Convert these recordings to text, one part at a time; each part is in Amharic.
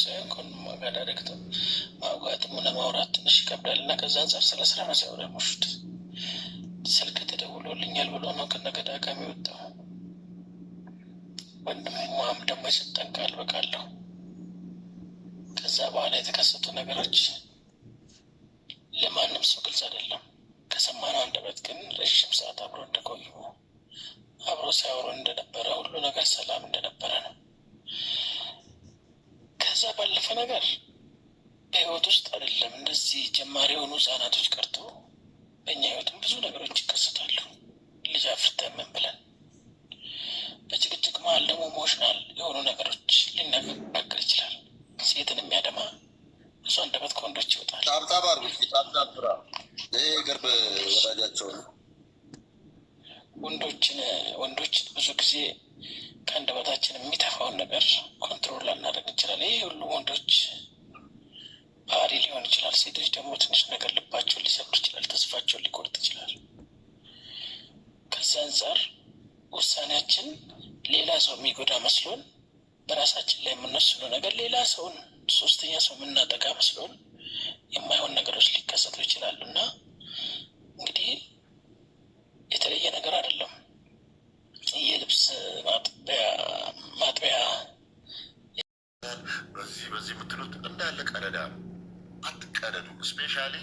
ሳይሆን ከሁሉም ጋዳደግተ ማውጋትም ለማውራት ትንሽ ይከብዳል እና ከዛ አንጻር ስለ ስራ ነው ሲያወራ ያመሹት። ስልክ ተደውሎልኛል ብሎ ነው ዳጋሚ ወጣው። ወንድሙም ደግሞ የሰጠን ቃል በቃለሁ። ከዛ በኋላ የተከሰቱ ነገሮች ለማንም ሰው ግልጽ አይደለም። ከሰማነው አንደበት ግን ረዥም ሰዓት አብሮ እንደቆዩ አብሮ ሲያወሩ እንደነበረ ሁሉ ነገር ሰላም እንደነበረ ነው ከዛ ባለፈ ነገር በህይወት ውስጥ አይደለም እንደዚህ ጀማሪ የሆኑ ህጻናቶች ቀርቶ በእኛ ህይወትም ብዙ ነገሮች ይከሰታሉ። ልጅ አፍርተን ምን ብለን በጭቅጭቅ መሀል ደግሞ ኢሞሽናል የሆኑ ነገሮች ሊነጋገር ይችላል። ሴትን የሚያደማ እሷ እንደበት ከወንዶች ይወጣል። ጣብጣብ አድርጉ፣ ጣብጣብ ይህ ቅርብ ወዳጃቸው ነው። ወንዶችን ወንዶች ብዙ ጊዜ ከአንደበታችን የሚተፋውን ነገር ኮንትሮል ላናደርግ እንችላለን። ይህ ሁሉ ወንዶች ባህሪ ሊሆን ይችላል። ሴቶች ደግሞ ትንሽ ነገር ልባቸውን ሊሰብር ይችላል፣ ተስፋቸውን ሊቆርጥ ይችላል። ከዚ አንጻር ውሳኔያችን ሌላ ሰው የሚጎዳ መስሎን በራሳችን ላይ የምንወስነው ነገር ሌላ ሰውን ሶስተኛ ሰው የምናጠቃ መስሎን የማይሆን ነገሮች ሊከሰቱ ይችላሉ እና በዚህ የምትሉት እንዳለ ቀደዳ ነው። አትቀደዱ። እስፔሻሊ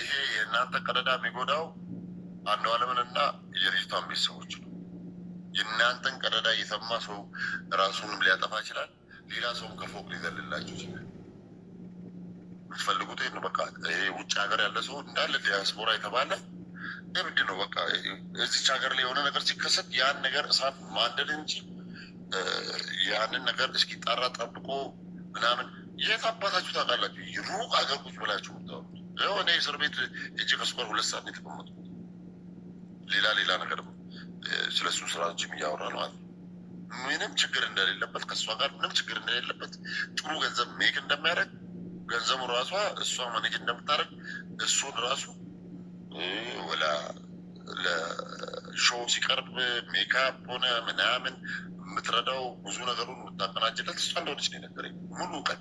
ይሄ የእናንተ ቀደዳ የሚጎዳው አንዱ አለምንና የልጅቷን ቤተሰቦች ነው። የእናንተን ቀደዳ እየሰማ ሰው ራሱንም ሊያጠፋ ይችላል። ሌላ ሰውም ከፎቅ ሊዘልላቸው ይችላል። የምትፈልጉት ይህ በቃ ይሄ ውጭ ሀገር ያለ ሰው እንዳለ ዲያስፖራ የተባለ እብድ ነው። በቃ እዚች ሀገር ላይ የሆነ ነገር ሲከሰት ያን ነገር እሳት ማደድ እንጂ ያንን ነገር እስኪጣራ ጠብቆ ምናምን የት አባታችሁ ታውቃላችሁ? ሩቅ አገር ቁጭ ብላችሁ ምታወሩት። እኔ እስር ቤት እጅ ከስኳር ሁለት ሰዓት የተቀመጡ ሌላ ሌላ ነገር ስለ እሱ ስራ እያወራ ነው አለ ምንም ችግር እንደሌለበት ከእሷ ጋር ምንም ችግር እንደሌለበት ጥሩ ገንዘብ ሜክ እንደሚያደርግ ገንዘቡ ራሷ እሷ መኔጅ እንደምታደርግ እሱን ራሱ ወላ ለሾው ሲቀርብ ሜካፕ ሆነ ምናምን የምትረዳው ብዙ ነገሩን የምታቀናጅለት እሷ እንደሆነች ነው የነገረኝ። ሙሉ ቀን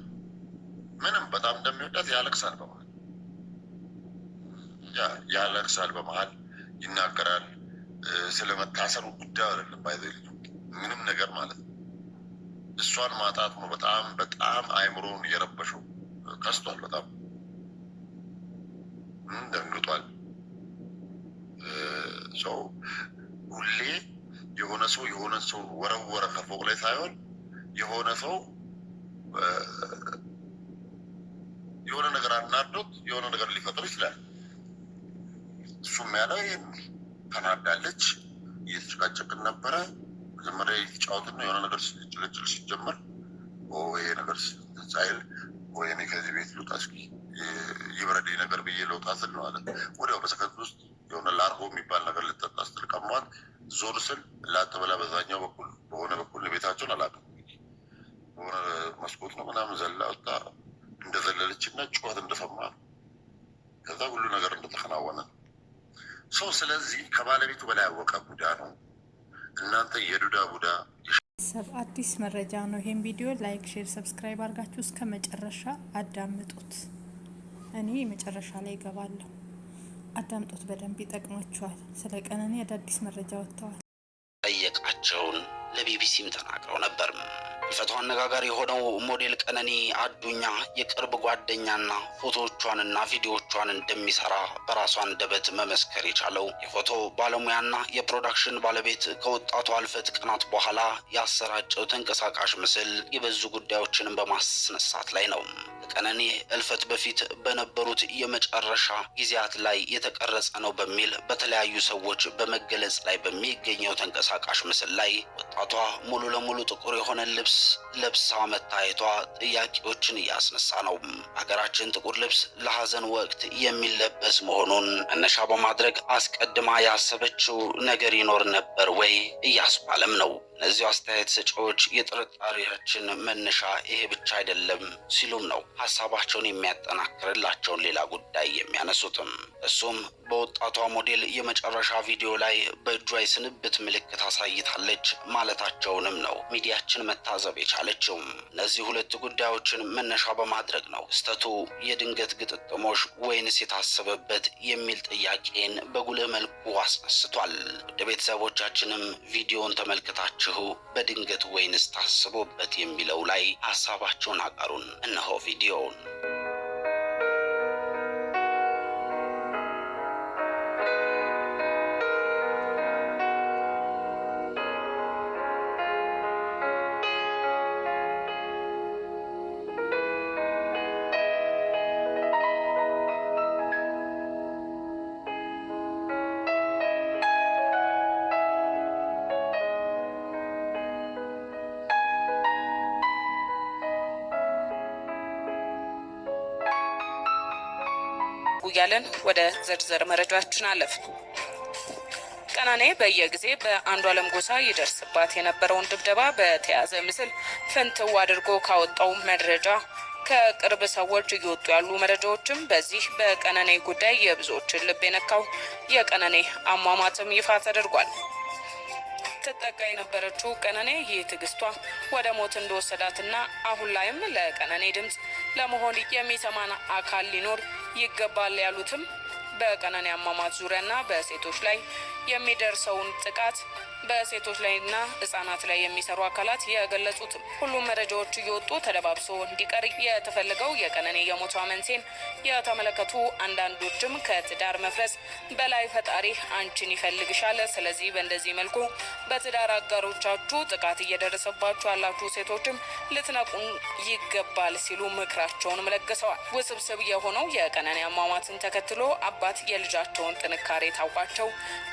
ምንም በጣም እንደሚወዳት ያለቅሳል፣ በመሀል ያለቅሳል፣ በመሀል ይናገራል። ስለመታሰሩ ጉዳይ አይደለም ባይዘ ምንም ነገር ማለት ነው። እሷን ማጣት ነው በጣም በጣም አይምሮን እየረበሸው ከስቷል። በጣም ደንግጧል ሰው ሁሌ የሆነ ሰው የሆነ ሰው ወረወረ ከፎቅ ላይ ሳይሆን የሆነ ሰው የሆነ ነገር አናዶት የሆነ ነገር ሊፈጥር ይችላል። እሱም ያለው ይህን ተናዳለች፣ እየተጨቃጨቅን ነበረ። መጀመሪያ የተጫወትን ነው። የሆነ ነገር ጭቅጭቅ ሲጀመር ይሄ ነገር ሳይል ወይኔ ከዚህ ቤት ልውጣ እስኪ ይበረዴ ነገር ብዬ ለውጣ ስል ነው አለ ወዲያው በሰከንድ ውስጥ የሆነ ላርጎ የሚባል ነገር ልጠጣ ስትል ቀሟት ዞር ስል ላጥበላ በዛኛው በኩል በሆነ በኩል ቤታቸውን አላውቅም በሆነ መስኮት ነው ምናምን ዘላ ወጣ እንደዘለለች እና ጩኸት እንደሰማ ከዛ ሁሉ ነገር እንደተከናወነ ሰው ስለዚህ ከባለቤቱ በላይ ያወቀ ቡዳ ነው። እናንተ የዱዳ ቡዳ ሰብ አዲስ መረጃ ነው። ይሄን ቪዲዮ ላይክ፣ ሼር፣ ሰብስክራይብ አድርጋችሁ እስከ መጨረሻ አዳምጡት። እኔ መጨረሻ ላይ ይገባለሁ። አዳምጦት በደንብ ይጠቅማችኋል። ስለ ቀነኒ አዳዲስ መረጃ ወጥተዋል። ጠየቃቸውን ለቢቢሲም ተናግረው ነበር። የፈቶ አነጋጋሪ የሆነው ሞዴል ቀነኒ አዱኛ የቅርብ ጓደኛና ፎቶዎቿንና ቪዲዮቿን እንደሚሰራ በራሷን ደበት መመስከር የቻለው የፎቶ ባለሙያና የፕሮዳክሽን ባለቤት ከወጣቷ አልፈት ቀናት በኋላ ያሰራጨው ተንቀሳቃሽ ምስል የበዙ ጉዳዮችንም በማስነሳት ላይ ነው። ቀነኒ እልፈት በፊት በነበሩት የመጨረሻ ጊዜያት ላይ የተቀረጸ ነው በሚል በተለያዩ ሰዎች በመገለጽ ላይ በሚገኘው ተንቀሳቃሽ ምስል ላይ ወጣቷ ሙሉ ለሙሉ ጥቁር የሆነ ልብስ ለብሳ መታየቷ ጥያቄዎችን እያስነሳ ነው። ሀገራችን ጥቁር ልብስ ለሀዘን ወቅት የሚለበስ መሆኑን መነሻ በማድረግ አስቀድማ ያሰበችው ነገር ይኖር ነበር ወይ እያስባለም ነው። እነዚህ አስተያየት ሰጪዎች የጥርጣሬያችን መነሻ ይሄ ብቻ አይደለም ሲሉም ነው ሀሳባቸውን የሚያጠናክርላቸውን ሌላ ጉዳይ የሚያነሱትም። እሱም በወጣቷ ሞዴል የመጨረሻ ቪዲዮ ላይ በእጇ የስንብት ምልክት አሳይታለች ማለታቸውንም ነው ሚዲያችን መታዘብ የቻለችውም። እነዚህ ሁለት ጉዳዮችን መነሻ በማድረግ ነው ክስተቱ የድንገት ግጥጥሞሽ ወይንስ የታሰበበት የሚል ጥያቄን በጉልህ መልኩ አስነስቷል። ወደ ቤተሰቦቻችንም ቪዲዮን ተመልክታቸው አለችሁ? በድንገት ወይንስ ታስቦበት የሚለው ላይ ሀሳባቸውን አቀሩን እነሆ ቪዲዮውን እያለን ወደ ዝርዝር መረጃችን አለፍ ቀናኔ በየጊዜ በአንዱ አለም ጎሳ ይደርስባት የነበረውን ድብደባ በተያዘ ምስል ፍንትው አድርጎ ካወጣው መረጃ ከቅርብ ሰዎች እየወጡ ያሉ መረጃዎችም በዚህ በቀነኔ ጉዳይ የብዙዎችን ልብ የነካው የቀነኔ አሟሟትም ይፋ ተደርጓል። ትጠቃ የነበረችው ቀነኔ ይህ ትዕግስቷ ወደ ሞት እንደወሰዳትና አሁን ላይም ለቀነኔ ድምፅ ለመሆን የሚሰማን አካል ሊኖር ይገባል ያሉትም በቀነኒ አማማት ዙሪያና በሴቶች ላይ የሚደርሰውን ጥቃት በሴቶች ላይና ህጻናት ላይ የሚሰሩ አካላት የገለጹት። ሁሉም መረጃዎች እየወጡ ተደባብሶ እንዲቀር የተፈለገው የቀነኔ የሞቷ መንሴን የተመለከቱ አንዳንዶችም ከትዳር መፍረስ በላይ ፈጣሪ አንቺን ይፈልግሻል። ስለዚህ በእንደዚህ መልኩ በትዳር አጋሮቻችሁ ጥቃት እየደረሰባችሁ ያላችሁ ሴቶችም ልትነቁን ይገባል ሲሉ ምክራቸውንም ለግሰዋል። ውስብስብ የሆነው የቀነኔ አሟሟትን ተከትሎ አባት የልጃቸውን ጥንካሬ ታውቋቸው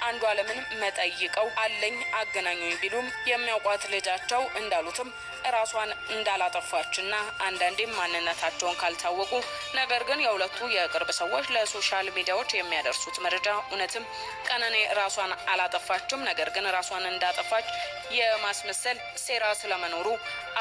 አንዱ አለምን መጠይቀው አለኝ አገናኙኝ ቢሉም የሚያውቋት ልጃቸው እንዳሉትም እራሷን እንዳላጠፋችና አንዳንዴም ማንነታቸውን ካልታወቁ ነገር ግን የሁለቱ የቅርብ ሰዎች ለሶሻል ሚዲያዎች የሚያደርሱት መረጃ እውነትም ቀነኔ ራሷን አላጠፋችም፣ ነገር ግን ራሷን እንዳጠፋች የማስመሰል ሴራ ስለመኖሩ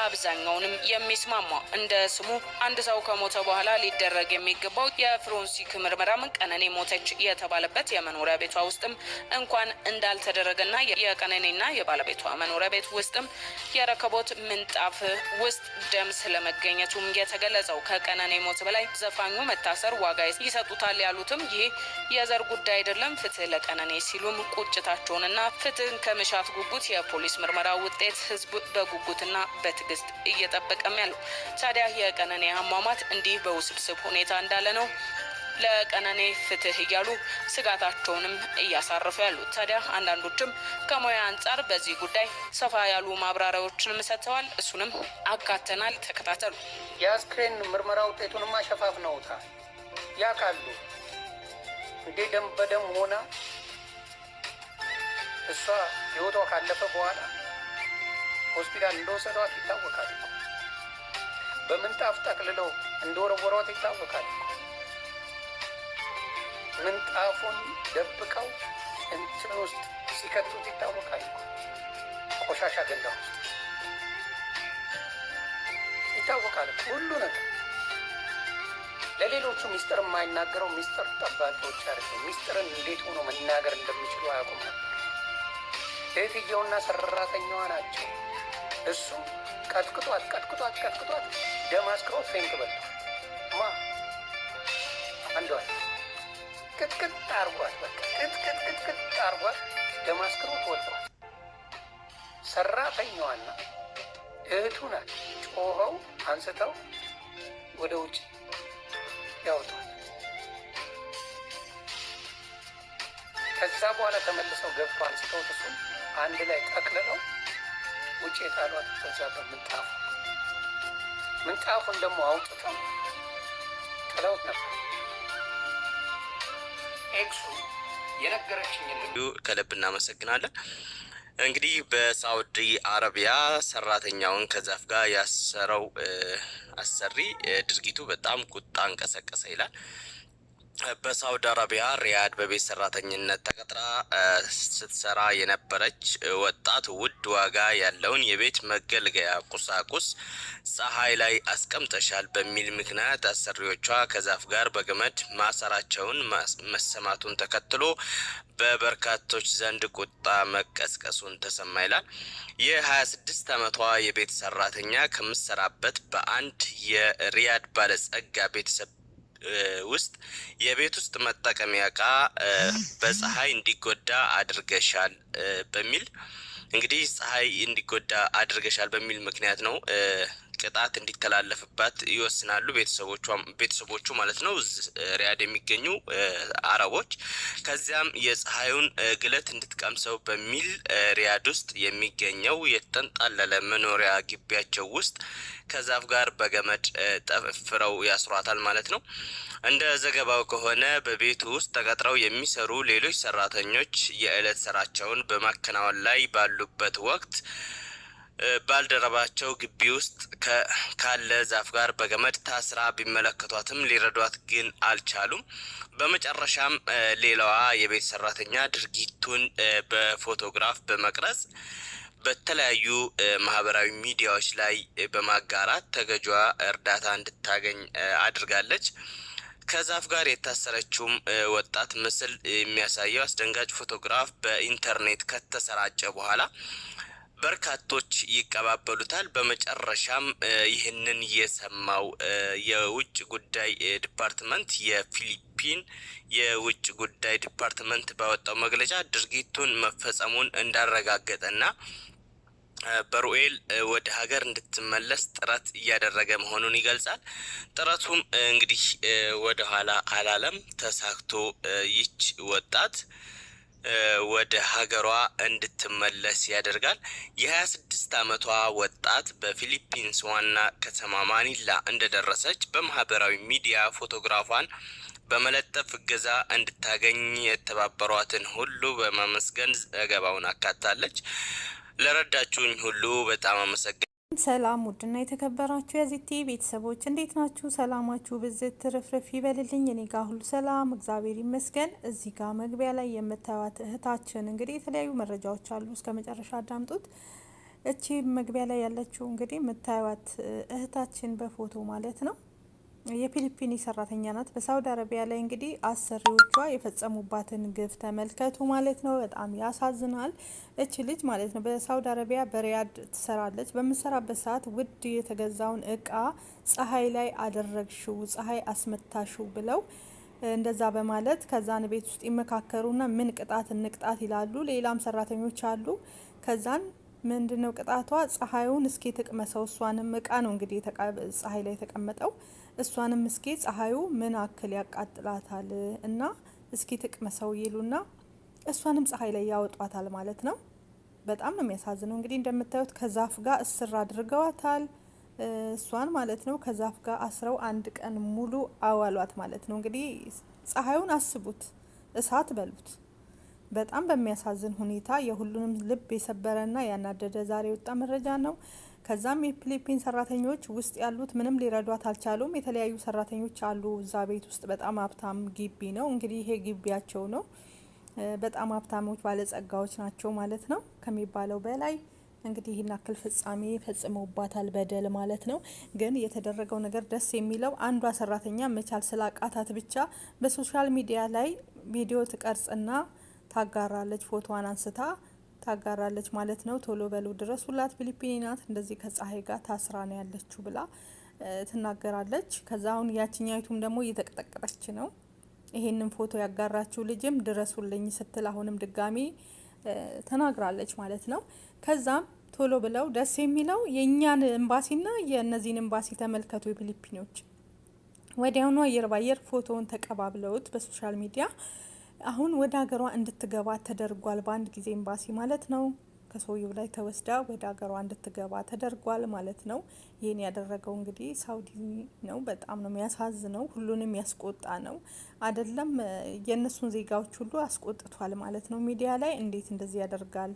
አብዛኛውንም የሚስማማ እንደ ስሙ አንድ ሰው ከሞተ በኋላ ሊደረግ የሚገባው የፍሮንሲክ ምርመራም ቀነኔ ሞተች የተባለበት የመኖሪያ ቤቷ ውስጥም እንኳን እንዳልተደረገና የቀነኔና የባለቤቷ መኖሪያ ቤት ውስጥም የረከቦት ምንጣፍ ውስጥ ደም ስለመገኘቱም የተገለጸው ከቀነኔ ሞት በላይ ዘፋኙ መታሰር ዋጋ ይሰጡታል ያሉትም ይህ የዘር ጉዳይ አይደለም፣ ፍትህ ለቀነኔ ሲሉም ቁጭታቸውንና ፍትህን ከመሻት ጉጉት የፖሊስ ምርመራ ውጤት ህዝብ በጉጉትና በትግ መንግስት እየጠበቀም ያለው። ታዲያ የቀነኔ አሟሟት እንዲህ በውስብስብ ሁኔታ እንዳለ ነው ለቀነኔ ፍትህ እያሉ ስጋታቸውንም እያሳረፉ ያሉት። ታዲያ አንዳንዶችም ከሙያ አንጻር በዚህ ጉዳይ ሰፋ ያሉ ማብራሪያዎችንም ሰጥተዋል። እሱንም አካተናል፣ ተከታተሉ። የአስክሬን ምርመራ ውጤቱንማ ያ ካሉ እንዴ ደም በደም ሆና እሷ ህይወቷ ካለፈ በኋላ ሆስፒታል እንደወሰዷት ይታወቃል። በምንጣፍ ጠቅልለው እንደወረወሯት ይታወቃል። ምንጣፉን ደብቀው እንትን ውስጥ ሲከቱት ይታወቃል። ቆሻሻ ገንዳ ውስጥ ይታወቃል። ሁሉ ነገር ለሌሎቹ ሚስጥር የማይናገረው ሚስጥር ጠባቂዎች አድርገው ሚስጥርን እንዴት ሆኖ መናገር እንደሚችሉ አያውቁም። እህትየውና ሰራተኛዋ ናቸው። እሱ ቀጥቅጧት ቀጥቅጧት ቀጥቅጧት ደማስክሮ ፌንት በልቷል። ማ አንዷል ቅጥቅጥ አርጓት ቅጥቅጥ አርጓት ደማስክሮ ተወልቷል። ሰራተኛዋና እህቱ ናት። ጮኸው አንስተው ወደ ውጭ ያውጧል። ከዛ በኋላ ተመልሰው ገብቶ አንስተው እሱን አንድ ላይ ጠቅልለው ውጭ የጣሏት ከዛ በምንጣፉ ምንጣፉን ደግሞ አውጥተው ጥለውት ነበር። ኤክሱ የነገረችኝ ከልብ እናመሰግናለን። እንግዲህ በሳውዲ አረቢያ ሰራተኛውን ከዛፍ ጋር ያሰረው አሰሪ ድርጊቱ በጣም ቁጣ እንቀሰቀሰ ይላል። በሳውዲ አረቢያ ሪያድ በቤት ሰራተኝነት ተቀጥራ ስትሰራ የነበረች ወጣት ውድ ዋጋ ያለውን የቤት መገልገያ ቁሳቁስ ፀሐይ ላይ አስቀምጠሻል በሚል ምክንያት አሰሪዎቿ ከዛፍ ጋር በገመድ ማሰራቸውን መሰማቱን ተከትሎ በበርካቶች ዘንድ ቁጣ መቀስቀሱን ተሰማ ይላል። የ26 ዓመቷ የቤት ሰራተኛ ከምትሰራበት በአንድ የሪያድ ባለጸጋ ቤተሰብ ውስጥ የቤት ውስጥ መጠቀሚያ እቃ በፀሐይ እንዲጎዳ አድርገሻል በሚል እንግዲህ ፀሐይ እንዲጎዳ አድርገሻል በሚል ምክንያት ነው ቅጣት እንዲተላለፍባት ይወስናሉ ቤተሰቦቹ ማለት ነው፣ ሪያድ የሚገኙ አረቦች። ከዚያም የፀሐዩን ግለት እንድትቀምሰው በሚል ሪያድ ውስጥ የሚገኘው የተንጣለለ መኖሪያ ግቢያቸው ውስጥ ከዛፍ ጋር በገመድ ጠፍረው ያስሯታል ማለት ነው። እንደ ዘገባው ከሆነ በቤቱ ውስጥ ተቀጥረው የሚሰሩ ሌሎች ሰራተኞች የዕለት ስራቸውን በማከናወን ላይ ባሉበት ወቅት ባልደረባቸው ግቢ ውስጥ ካለ ዛፍ ጋር በገመድ ታስራ ቢመለከቷትም ሊረዷት ግን አልቻሉም። በመጨረሻም ሌላዋ የቤት ሰራተኛ ድርጊቱን በፎቶግራፍ በመቅረጽ በተለያዩ ማህበራዊ ሚዲያዎች ላይ በማጋራት ተገጇ እርዳታ እንድታገኝ አድርጋለች። ከዛፍ ጋር የታሰረችውም ወጣት ምስል የሚያሳየው አስደንጋጭ ፎቶግራፍ በኢንተርኔት ከተሰራጨ በኋላ በርካቶች ይቀባበሉታል። በመጨረሻም ይህንን የሰማው የውጭ ጉዳይ ዲፓርትመንት የፊሊፒን የውጭ ጉዳይ ዲፓርትመንት ባወጣው መግለጫ ድርጊቱን መፈጸሙን እንዳረጋገጠና በሩኤል ወደ ሀገር እንድትመለስ ጥረት እያደረገ መሆኑን ይገልጻል። ጥረቱም እንግዲህ ወደኋላ አላለም፣ ተሳክቶ ይች ወጣት ወደ ሀገሯ እንድትመለስ ያደርጋል። የ26 ዓመቷ ወጣት በፊሊፒንስ ዋና ከተማ ማኒላ እንደደረሰች በማህበራዊ ሚዲያ ፎቶግራፏን በመለጠፍ እገዛ እንድታገኝ የተባበሯትን ሁሉ በማመስገን ዘገባውን አካታለች። ለረዳችሁኝ ሁሉ በጣም አመሰግናለሁ። ሰላም ውድና የተከበራችሁ የዚቲ ቤተሰቦች እንዴት ናችሁ? ሰላማችሁ ብዝት ትርፍርፍ ይበልልኝ። እኔ ጋር ሁሉ ሰላም እግዚአብሔር ይመስገን። እዚህ ጋር መግቢያ ላይ የምታዩት እህታችን እንግዲህ የተለያዩ መረጃዎች አሉ፣ እስከ መጨረሻ አዳምጡት። እቺ መግቢያ ላይ ያለችው እንግዲህ የምታዩት እህታችን በፎቶ ማለት ነው የፊሊፒኒ ሰራተኛ ናት። በሳውዲ አረቢያ ላይ እንግዲህ አሰሪዎቿ የፈጸሙባትን ግፍ ተመልከቱ ማለት ነው። በጣም ያሳዝናል። እች ልጅ ማለት ነው በሳውዲ አረቢያ በሪያድ ትሰራለች። በምትሰራበት ሰዓት ውድ የተገዛውን እቃ ፀሐይ ላይ አደረግሽው፣ ፀሐይ አስመታሽው ብለው እንደዛ በማለት ከዛን ቤት ውስጥ ይመካከሩና ምን ቅጣት እንቅጣት ይላሉ። ሌላም ሰራተኞች አሉ። ከዛን ምንድነው ቅጣቷ? ፀሐዩን እስኪ ትቅመሰው እሷንም እቃ ነው እንግዲህ ፀሐይ ላይ የተቀመጠው እሷንም እስኪ ፀሐዩ ምን አክል ያቃጥላታል እና እስኪ ትቅመሰው ይሉና እሷንም ፀሐይ ላይ ያወጧታል ማለት ነው። በጣም ነው የሚያሳዝነው። እንግዲህ እንደምታዩት ከዛፍ ጋር እስር አድርገዋታል እሷን ማለት ነው። ከዛፍ ጋር አስረው አንድ ቀን ሙሉ አዋሏት ማለት ነው። እንግዲህ ፀሐዩን አስቡት፣ እሳት በሉት። በጣም በሚያሳዝን ሁኔታ የሁሉንም ልብ የሰበረና ያናደደ ዛሬ የወጣ መረጃ ነው። ከዛም የፊሊፒን ሰራተኞች ውስጥ ያሉት ምንም ሊረዷት አልቻሉም። የተለያዩ ሰራተኞች አሉ እዛ ቤት ውስጥ በጣም ሀብታም ግቢ ነው እንግዲህ ይሄ ግቢያቸው ነው። በጣም ሀብታሞች ባለጸጋዎች ናቸው ማለት ነው ከሚባለው በላይ እንግዲህ ይህን አክል ፍጻሜ ፈጽመውባታል በደል ማለት ነው። ግን የተደረገው ነገር ደስ የሚለው አንዷ ሰራተኛ መቻል ስላቃታት ብቻ በሶሻል ሚዲያ ላይ ቪዲዮ ትቀርጽና ታጋራለች ፎቶዋን አንስታ ታጋራለች ማለት ነው። ቶሎ በሉ ድረሱላት፣ ፊሊፒኒ ናት እንደዚህ ከፀሐይ ጋር ታስራ ነው ያለችው ብላ ትናገራለች። ከዛ አሁን ያችኛይቱም ደግሞ እየተቀጠቀጠች ነው። ይሄንን ፎቶ ያጋራችው ልጅም ድረሱልኝ ስትል አሁንም ድጋሚ ተናግራለች ማለት ነው። ከዛም ቶሎ ብለው ደስ የሚለው የእኛን ኤምባሲና የእነዚህን ኤምባሲ ተመልከቱ የፊሊፒኖች ወዲያውኑ አየር ባየር ፎቶውን ተቀባብለውት በሶሻል ሚዲያ አሁን ወደ ሀገሯ እንድትገባ ተደርጓል። በአንድ ጊዜ ኤምባሲ ማለት ነው ከሰውየው ላይ ተወስዳ ወደ ሀገሯ እንድትገባ ተደርጓል ማለት ነው። ይህን ያደረገው እንግዲህ ሳውዲ ነው። በጣም ነው የሚያሳዝነው፣ ሁሉንም ያስቆጣ ነው። አይደለም የእነሱን ዜጋዎች ሁሉ አስቆጥቷል ማለት ነው። ሚዲያ ላይ እንዴት እንደዚህ ያደርጋል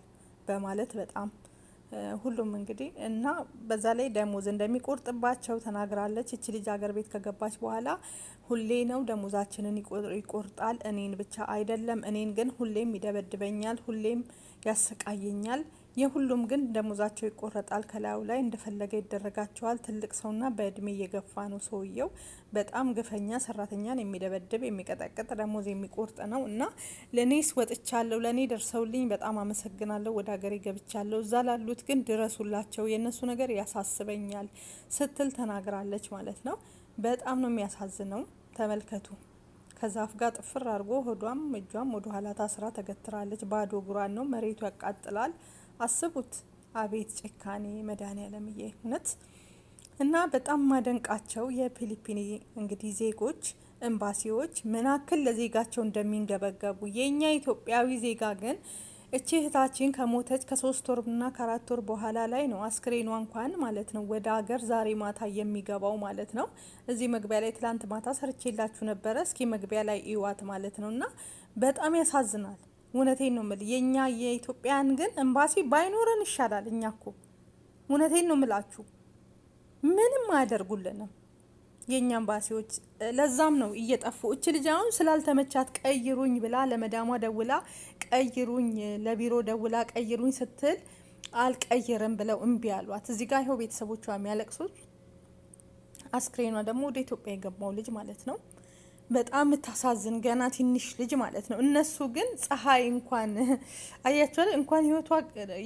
በማለት በጣም ሁሉም እንግዲህ እና በዛ ላይ ደሞዝ እንደሚቆርጥባቸው ተናግራለች። እች ልጅ ሀገር ቤት ከገባች በኋላ ሁሌ ነው ደሞዛችንን ይቆርጣል፣ እኔን ብቻ አይደለም፣ እኔን ግን ሁሌም ይደበድበኛል፣ ሁሌም ያሰቃየኛል የሁሉም ግን ደሞዛቸው ይቆረጣል። ከላዩ ላይ እንደፈለገ ይደረጋቸዋል። ትልቅ ሰውና በእድሜ እየገፋ ነው ሰውየው። በጣም ግፈኛ፣ ሰራተኛን የሚደበድብ የሚቀጠቅጥ፣ ደሞዝ የሚቆርጥ ነው እና ለእኔስ ወጥቻለሁ፣ ለእኔ ደርሰውልኝ በጣም አመሰግናለሁ፣ ወደ ሀገሬ ገብቻለሁ፣ እዛ ላሉት ግን ድረሱላቸው፣ የእነሱ ነገር ያሳስበኛል ስትል ተናግራለች ማለት ነው። በጣም ነው የሚያሳዝነው። ተመልከቱ። ከዛፍ ጋር ጥፍር አድርጎ ሆዷም እጇም ወደ ኋላ ታስራ ተገትራለች። ባዶ እግሯን ነው። መሬቱ ያቃጥላል። አስቡት። አቤት ጭካኔ መድኃኔዓለምዬ! እውነት እና በጣም ማደንቃቸው የፊሊፒኒ እንግዲህ ዜጎች ኤምባሲዎች ምን ለዜጋቸው እንደሚንገበገቡ የእኛ ኢትዮጵያዊ ዜጋ ግን እቺ እህታችን ከሞተች ከሶስት ና ከአራት ወር በኋላ ላይ ነው አስክሬኗ እንኳን ማለት ነው ወደ ሀገር ዛሬ ማታ የሚገባው ማለት ነው። እዚህ መግቢያ ላይ ትላንት ማታ ሰርቼላችሁ ነበረ። እስኪ መግቢያ ላይ እዩዋት ማለት ነው እና በጣም ያሳዝናል። እውነቴን ነው ምል የእኛ የኢትዮጵያን ግን ኤምባሲ ባይኖረን ይሻላል። እኛ እኮ እውነቴን ነው ምላችሁ ምንም አያደርጉልንም የእኛ ኤምባሲዎች። ለዛም ነው እየጠፉ። እች ልጅ አሁን ስላልተመቻት ቀይሩኝ ብላ ለመዳሟ ደውላ ቀይሩኝ፣ ለቢሮ ደውላ ቀይሩኝ ስትል አልቀይርም ብለው እምቢ አሏት። እዚህ ጋር ይኸው ቤተሰቦቿ የሚያለቅሱት አስክሬኗ ደግሞ ወደ ኢትዮጵያ የገባው ልጅ ማለት ነው። በጣም የምታሳዝን ገና ትንሽ ልጅ ማለት ነው። እነሱ ግን ፀሐይ እንኳን አያቸው እንኳን ህይወቷ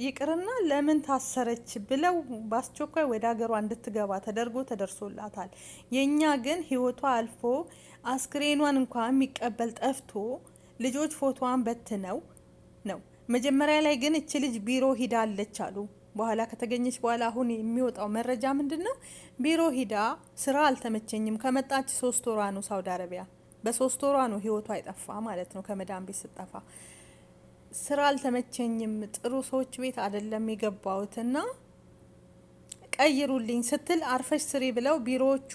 ይቅርና ለምን ታሰረች ብለው በአስቸኳይ ወደ ሀገሯ እንድትገባ ተደርጎ ተደርሶላታል። የእኛ ግን ህይወቷ አልፎ አስክሬኗን እንኳን የሚቀበል ጠፍቶ ልጆች ፎቶዋን በትነው ነው። መጀመሪያ ላይ ግን እች ልጅ ቢሮ ሂዳለች አሉ። በኋላ ከተገኘች በኋላ አሁን የሚወጣው መረጃ ምንድን ነው? ቢሮ ሂዳ ስራ አልተመቸኝም፣ ከመጣች ሶስት ወሯ ነው ሳውዲ አረቢያ በሶስት ወሯ ነው ህይወቷ አይጠፋ ማለት ነው። ከመዳን ቤት ስጠፋ ስራ አልተመቸኝም፣ ጥሩ ሰዎች ቤት አይደለም የገባሁትና ቀይሩልኝ ስትል አርፈሽ ስሪ ብለው ቢሮዎቹ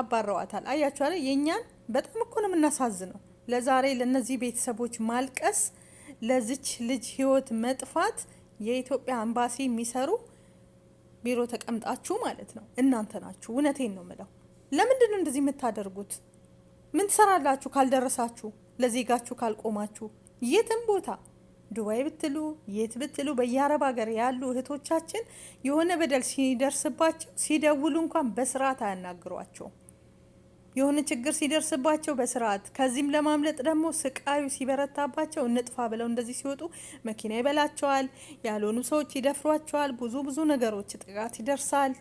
አባረዋታል። አያችኋለ የእኛን በጣም እኮ ነው የምናሳዝነው። ለዛሬ ለእነዚህ ቤተሰቦች ማልቀስ፣ ለዚች ልጅ ህይወት መጥፋት የኢትዮጵያ አምባሲ የሚሰሩ ቢሮ ተቀምጣችሁ ማለት ነው እናንተ ናችሁ። እውነቴን ነው ምለው። ለምንድን ነው እንደዚህ የምታደርጉት? ምን ትሰራላችሁ ካልደረሳችሁ፣ ለዜጋችሁ ካልቆማችሁ፣ የትም ቦታ ዱባይ ብትሉ የት ብትሉ በየአረብ ሀገር ያሉ እህቶቻችን የሆነ በደል ሲደርስባቸው ሲደውሉ እንኳን በስርዓት አያናግሯቸው የሆነ ችግር ሲደርስባቸው በስርዓት ከዚህም ለማምለጥ ደግሞ ስቃዩ ሲበረታባቸው እንጥፋ ብለው እንደዚህ ሲወጡ መኪና ይበላቸዋል፣ ያልሆኑ ሰዎች ይደፍሯቸዋል፣ ብዙ ብዙ ነገሮች ጥቃት ይደርሳል፣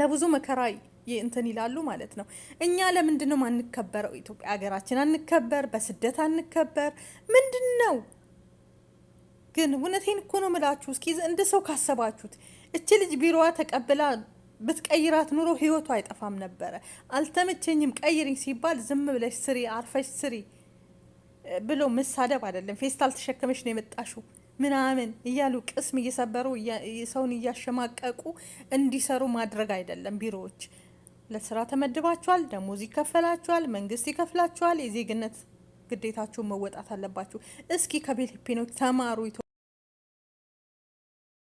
ለብዙ መከራ እንትን ይላሉ ማለት ነው። እኛ ለምንድን ነው አንከበረው? ኢትዮጵያ ሀገራችን አንከበር፣ በስደት አንከበር፣ ምንድን ነው ግን? እውነቴን እኮ ነው ምላችሁ። እስኪ እንደ ሰው ካሰባችሁት እች ልጅ ቢሮዋ ተቀብላ ብትቀይራት ኑሮ ህይወቱ አይጠፋም ነበረ። አልተመቸኝም ቀይሪኝ ሲባል ዝም ብለሽ ስሪ፣ አርፈሽ ስሪ ብሎ መሳደብ አይደለም። ፌስታል ተሸክመሽ ነው የመጣሽው ምናምን እያሉ ቅስም እየሰበሩ ሰውን እያሸማቀቁ እንዲሰሩ ማድረግ አይደለም ቢሮዎች ለስራ ተመድባችኋል፣ ደሞዝ ይከፈላችኋል፣ መንግስት ይከፍላችኋል። የዜግነት ግዴታችሁን መወጣት አለባችሁ። እስኪ ከፊሊፒኖች ተማሩ።